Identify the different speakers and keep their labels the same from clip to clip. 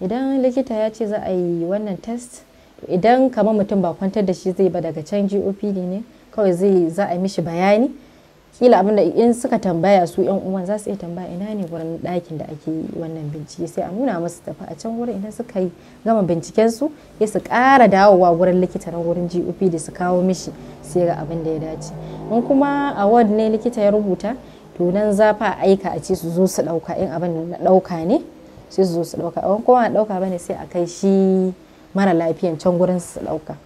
Speaker 1: idan likita ya ce za a yi wannan test idan kamar mutum ba kwantar da shi zai ba daga can gopd ne kawai zai za a yi mishi bayani kila abin da in suka tambaya su yan uwan za su iya tambaya ina ne wurin ɗakin da ake yi wannan bincike sai a nuna musu tafi a can wurin idan suka yi gama binciken su ya su ƙara dawowa wurin likita na wurin GOP da su kawo mishi sai ga abin da ya dace in kuma ward ne likita ya rubuta to nan za fa aika a ce su zo su ɗauka in abin na ɗauka ne sai su zo su ɗauka a kowa ɗauka bane sai a kai shi mara lafiyan can gurin su ɗauka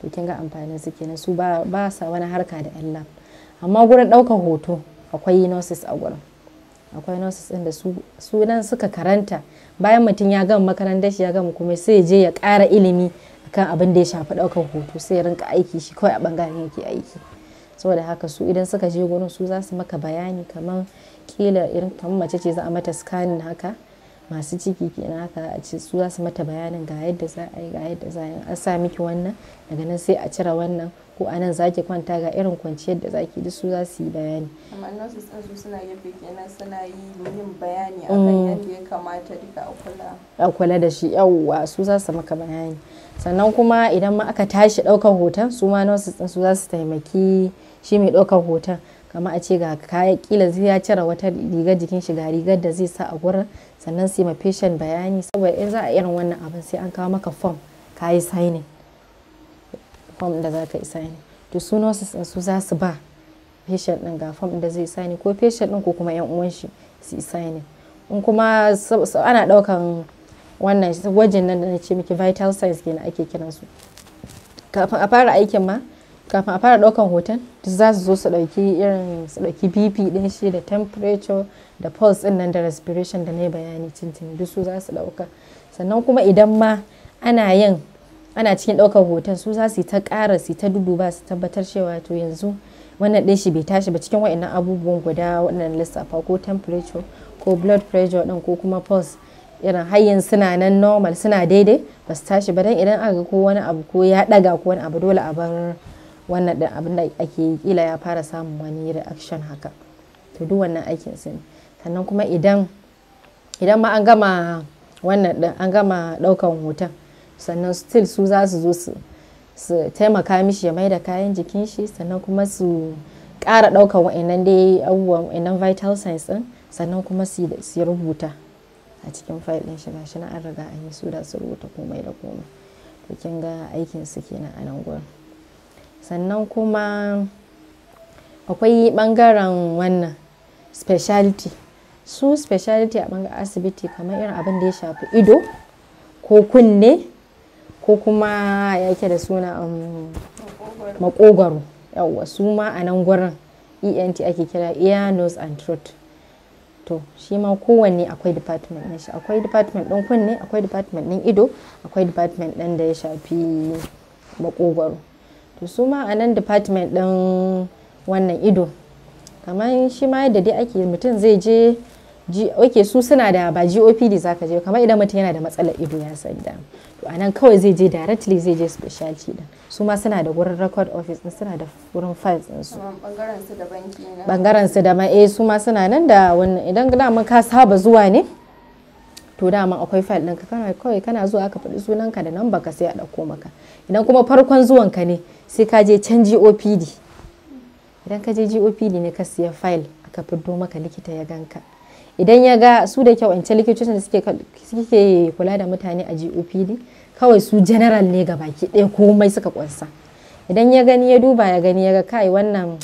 Speaker 1: to kin ga amfanin su kenan su ba sa wani harka da yan lab amma gurin ɗaukan hoto akwai nurses a gurin akwai nurses ɗin da su su nan suka karanta bayan mutum ya gama makarantar shi ya gama kuma sai ya je ya kara ilimi akan abin da ya shafi ɗaukan hoto sai ya rinka aiki shi kawai a bangaren yake aiki saboda haka su idan suka je gurin su za su maka bayani kamar kila irin kamar mace ce za a mata scanning haka masu ciki kenan a ce su za su mata bayanin ga yadda za a yi ga yadda za a yi an sa miki wannan daga nan sai a cire wannan ko a nan za ki kwanta ga irin kwanciyar da ki duk su za su yi bayani amma nan su su suna gefe kenan suna yi yin bayani akan mm. yadda ya kamata duka a kula a kula da shi yawwa su za su maka bayani sannan kuma idan ma aka tashi ɗaukar hoton su ma nan su za su taimaki shi mai ɗaukar hoton kamar a ce ga kaya kila zai ya cire wata rigar jikin shi ga rigar da zai sa a gurin sannan sai ma patient bayani saboda in za a irin wannan abin sai an kawo maka form ka yi signing form da za ka yi signing to su nurses su za su ba patient din ga form da zai signing ko patient din ko kuma yan uwan shi su yi signing in kuma ana daukan wannan gwajin nan da na ce miki vital signs kenan ake kiransu kafin a fara aikin ma kafin a fara ɗaukan hoton za su zo su ɗauki irin su ɗauki bp ɗin shi da temperature da pulse ɗin nan da respiration da na bayani cincin duk su za su ɗauka sannan kuma idan ma ana yin ana cikin ɗaukar hoton su za su yi ta ƙara su ta duduba su tabbatar cewa to yanzu wannan ɗin shi bai tashi ba cikin wa'annan abubuwan guda waɗannan lissafa ko temperature ko blood pressure ɗin ko kuma pulse irin hayyin suna nan normal suna daidai ba su tashi ba don idan aka ko wani abu ko ya ɗaga ko wani abu dole a bar wannan din abin da ake yi kila ya fara samun wani reaction haka to duk wannan aikin su ne sannan kuma idan idan ma an gama wannan din an gama daukan hoton sannan still su za su zo su su taimaka mishi ya da kayan jikin shi sannan kuma su ƙara ɗaukar wa'annan dai abubuwan wa'annan vital signs ɗin sannan kuma su rubuta a cikin fayil ɗin shi gashi na an riga an yi su da su rubuta komai da komai to kin ga aikin su kenan a nan gurin sannan kuma akwai ɓangaren wannan speciality su speciality a ɓangaren asibiti kamar irin abin da ya shafi ido ko kunne ko kuma ya yake da suna um, makogwaro yawwa su ma a nan gurin ent ake kira ear nose and throat to shi ma kowanne akwai department na shi akwai department ɗin kunne akwai department ɗin ido akwai department ɗin da ya shafi makogwaro to su ma a nan department ɗin wannan ido kamar shi ma yadda dai ake mutum zai je ok su suna da ba gopd za ka je kamar idan mutum yana da matsalar ido ya sanda to a nan kawai zai je directly zai je specialty din su ma suna da wurin record office ɗin suna da wurin files din su bangaren su da banki bangaren su da ma eh su ma suna nan da wannan idan da mun ka saba zuwa ne to dama akwai file ɗinka kana kawai kana zuwa aka faɗi sunanka da nan ka sai a ɗauko maka idan kuma farkon zuwanka ne sai ka je can gopd idan ka je gopd ne ka siya file aka fiddo maka likita ya ganka idan ya ga su da kyau ance likitocin da suke kula da mutane a gopd kawai su general ne ga baki ɗaya komai suka ƙunsa idan ya gani ya duba ya gani ya ga kai wannan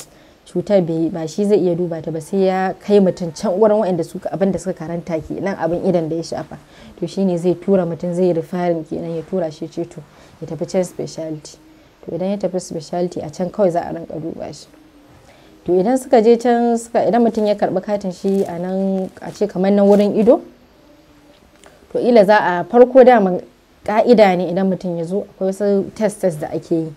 Speaker 1: cutar bai ba shi zai iya duba ta ba sai ya kai mutum can wurin waɗanda suka abin da suka karanta ke nan abin idan da ya shafa to shine zai tura mutum zai rifarin kenan ya tura shi ceto ya tafi can specialty to idan ya tafi specialty a can kawai za a rinka duba shi to idan suka je can suka idan mutum ya karbi katin shi a nan a ce kamar nan wurin ido to ila za a farko daman ka'ida ne idan mutum ya zo akwai wasu test test da ake yi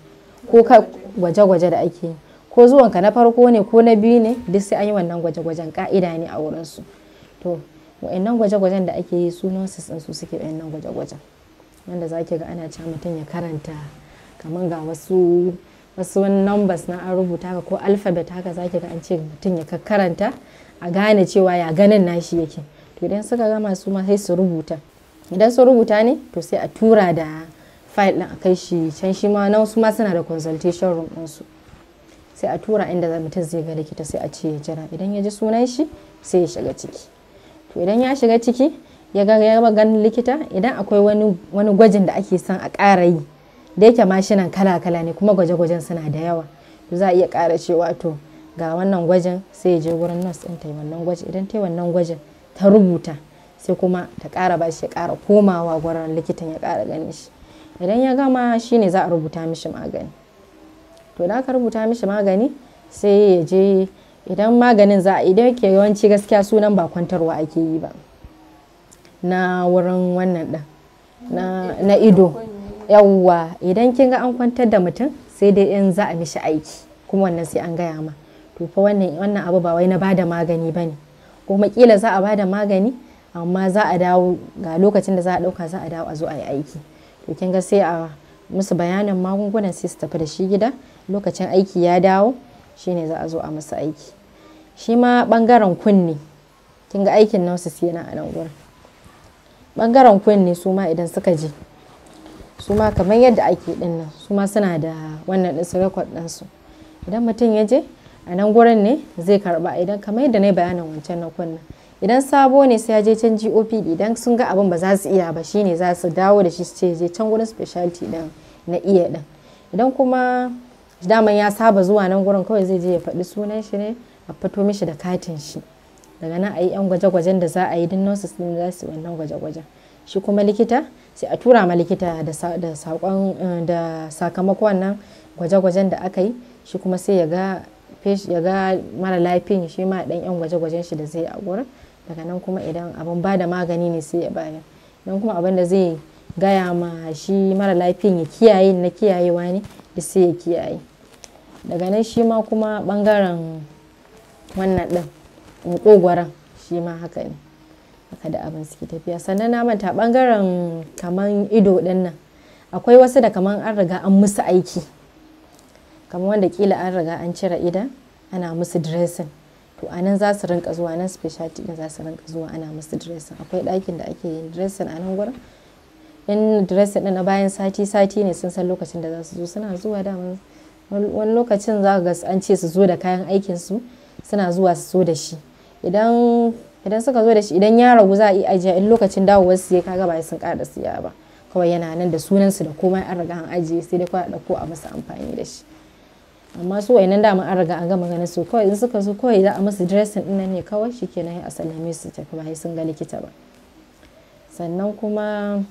Speaker 1: ko ka gwaje-gwaje da ake yi ko zuwanka na farko ne ko na biyu ne duk sai an yi wannan gwaje-gwajen ka'ida ne a wurinsu to wa'annan gwaje-gwajen da ake yi su nurses din su suke wa'annan gwaje-gwajen wanda za ki ga ana cewa mutum ya karanta kamar ga wasu wasu numbers na an rubuta ka ko alphabet haka za ki ga an ce mutum ya karanta a gane cewa ya ganin nashi yake to idan suka gama su ma sai su rubuta idan su rubuta ne to sai a tura da file din a kai shi can shi ma na wasu ma suna da consultation room din su sai a tura inda mutum zai ga likita sai a ce ya jira idan ya ji sunan shi sai ya shiga ciki to idan ya shiga ciki ya ga ya ganin likita idan akwai wani gwajin da ake son a ƙara yi da yake mashinan kala-kala ne kuma gwaje-gwajen suna da yawa to za a iya ƙara cewa to ga wannan gwajin sai ya je wurin nurse ɗin ta yi wannan gwajin idan ta wannan gwajin ta rubuta sai kuma ta ƙara ba shi ya ƙara komawa gurin likitan ya ƙara ganin shi idan ya gama shi ne za a rubuta mishi magani to da aka rubuta mishi magani sai ya je idan maganin za idan ke yawanci gaskiya sunan ba kwantarwa ake yi ba na wurin wannan ɗan. na ido yawwa idan kin ga an kwantar da mutum sai dai in za a mishi aiki kuma wannan sai an gaya ma to fa wannan wannan abu ba wai na bada magani bane kuma kila za a bada magani amma za a dawo ga lokacin da za a dauka za a dawo a zo a yi aiki to kin ga sai a musu bayanin magungunan sai su tafi da shi gida lokacin aiki ya dawo shine za a zo a musu aiki shi ma ɓangaren kunne kin ga aikin nan su yana a nan gurin kunne su ma idan suka je su ma kamar yadda ake din nan su ma suna da wannan din rekod ɗinsu idan mutum ya je a nan ne zai karɓa idan kamar yadda na yi bayanin wancan na kunnen idan sabo ne sai ya je can gopd idan sun ga abin ba za su iya ba shine za su dawo da shi su je can gurin specialty din na iya din idan kuma daman ya saba zuwa nan gurin kawai zai je ya faɗi sunan shi ne a fito mishi da katin shi daga nan a yi yan gwaje-gwajen da za a yi din nosis din za su wannan gwaje-gwajen shi kuma likita sai a tura ma likita da eh, sakamakon nan gwaje-gwajen da aka yi shi kuma sai ya ga ya ga mara laifin shi ma dan yan gwaje-gwajen shi da zai a gurin daga nan kuma idan abin ba da magani ne sai ya bayar don kuma abin da zai gaya ma shi mara laifin ya kiyaye na kiyayewa ne da sai ya kiyaye daga nan shi ma kuma bangaren wannan din makogwaron shi ma haka ne haka da abin suke tafiya sannan na manta bangaren kaman ido dinnan akwai wasu da kaman an riga an musu aiki kamar wanda kila an riga an cire idan ana musu dressing to a nan za su rinka zuwa nan specialty din za su rinka zuwa ana musu dressing akwai ɗakin da ake yin dressing a nan gurin in dressing din na bayan sati sati ne sun san lokacin da za su zo suna zuwa da wani lokacin za ga an ce su zo da kayan aikin su suna zuwa su zo da shi idan idan suka zo da shi idan ya ragu za a yi ajiya in lokacin dawowar su ya kaga ba sun ƙara siya ba kawai yana nan da sunan su da komai an riga an ajiye sai dai kawai a ɗauko a masa amfani da shi amma su wa wayannan dama an riga an gama ganin su kawai in suka zo kawai za a musu dressing din nan ne kawai shikenan a sallame su tafi ba sun ga likita ba sannan kuma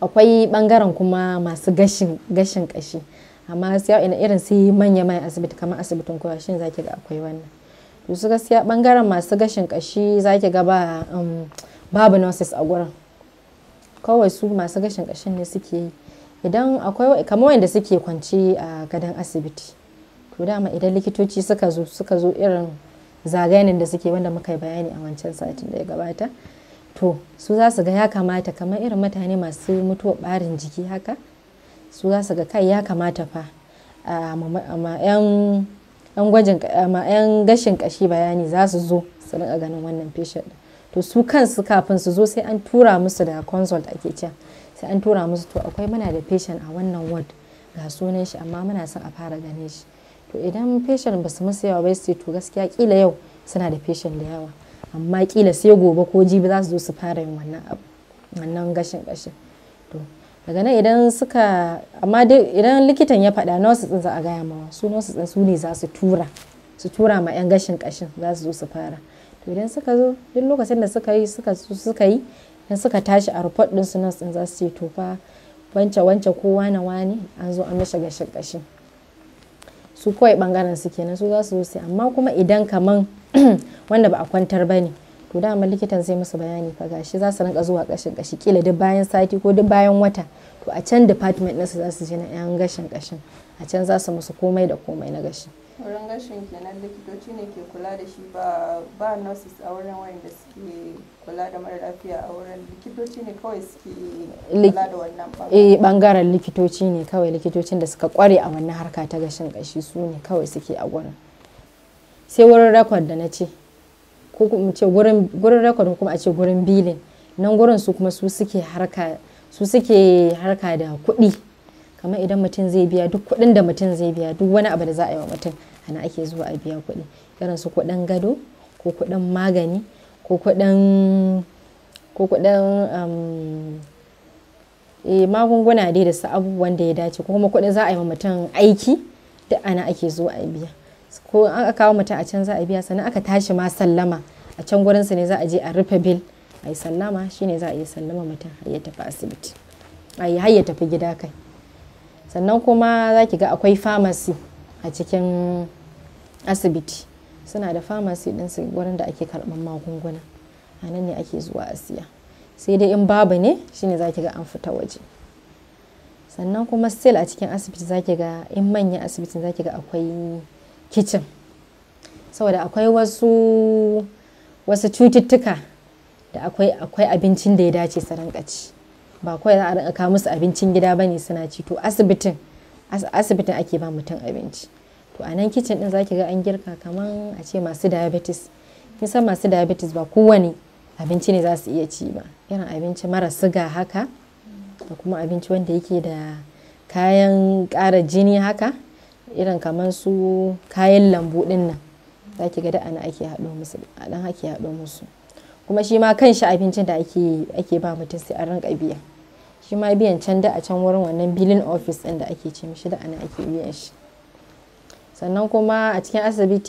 Speaker 1: akwai bangaren kuma masu gashin gashin kashi amma gaskiya ina irin sai manya mai asibiti kamar asibitin kowa shin zaki ga akwai wannan to su gaskiya bangaren masu gashin kashi zaki ga ba um, babu nurses a gurin kawai su masu gashin kashin ne suke yi idan akwai kamar wanda suke kwanci a gadon asibiti to dama idan likitoci suka zo suka zo irin zaganin da suke wanda muka yi bayani a wancan satin da ya gabata to su za su ga ya kamata kamar irin mutane masu mutuwa barin jiki haka su za su ga kai ya kamata fa a yan gwajin yan gashin kashi bayani za su zo su rinka ganin wannan patient to su kansu kafin su zo sai an tura musu da consult ake cewa sai an tura musu to akwai muna da patient a wannan ward ga sunan shi amma muna son a fara gane shi to idan patient ba su musu yawa ba sai to gaskiya kila yau suna da patient da yawa amma kila sai gobe ko jibi za su zo su fara yin wannan abu wannan gashin gashin to daga nan idan suka amma idan likitan ya faɗa na din za a gaya mawa su nurse din su ne za su tura su tura ma yan gashin kashin za su zo su fara to idan suka zo duk lokacin da suka yi suka suka yi in suka tashi a report din su nurse din za su ce to wance wance ko wane wane an zo an mishi gashin kashi su kawai bangaren su kenan su za su sai amma kuma idan kaman wanda ba a kwantar ba ne to dama likitan zai musu bayani fa gashi za su rinka zuwa kashin kashi kila duk bayan sati ko duk bayan wata to a can department nasu za su je na yan gashin kashin a can za su musu komai da komai na gashin wurin gashin kenan likitoci ne ke kula da shi ba ba nurses a wurin wanda suke kula da mara lafiya a wurin likitoci ne kawai suke kula da wannan eh bangaren likitoci ne kawai likitocin da suka kware a wannan harka ta gashin kashi su ne kawai suke a wurin sai wurin record da na ce ko kuma ce gurin gurin record kuma a ce gurin billing nan gurin su kuma su suke harka su suke harka da kuɗi kamar idan mutum zai biya duk kuɗin da mutum zai biya duk wani abu da za a yi wa mutum ana ake zuwa a biya kuɗi irin su kuɗin gado ko kuɗin magani ko kuɗin ko kuɗin um, eh, magunguna dai da su abubuwan da ya dace ko kuma kuɗin za a yi wa mutum aiki duk ana ake zuwa a biya ko an aka kawo mutum a can za a biya sannan aka tashi ma sallama a can su ne za a je a rufe bil a yi sallama shine za a yi sallama mutum har ya tafi asibiti a yi har ya tafi gida kai sannan kuma za ki ga akwai famasi a cikin asibiti suna da famasi ɗinsu wurin da ake karɓar magunguna a nan ne ake zuwa asiya sai dai in babu ne shine za ki ga an fita waje sannan kuma still a cikin asibiti za ki ga in manyan asibitin za ki ga akwai kicin saboda akwai wasu wasu cututtuka da akwai abincin da ya dace su rinka ba kawai za a rinka kawo musu abincin gida ba ne suna ci to asibitin asibitin ake ba mutum abinci to a nan kicin din zaki ga an girka kaman a ce masu diabetes kin san masu diabetes ba kowane abinci ne za su iya ci ba irin abinci mara siga haka da kuma abinci wanda yake da kayan ƙara jini haka irin kamar su kayan lambu din nan zaki ga da ana ake haɗo musu ake haɗo musu kuma shi ma kan shi abincin da ake ba mutum sai a rinka biya shi ma biyan can da a can wurin wannan billing office ɗin da ake ce mishi da ana ake biyan shi sannan kuma a cikin asibiti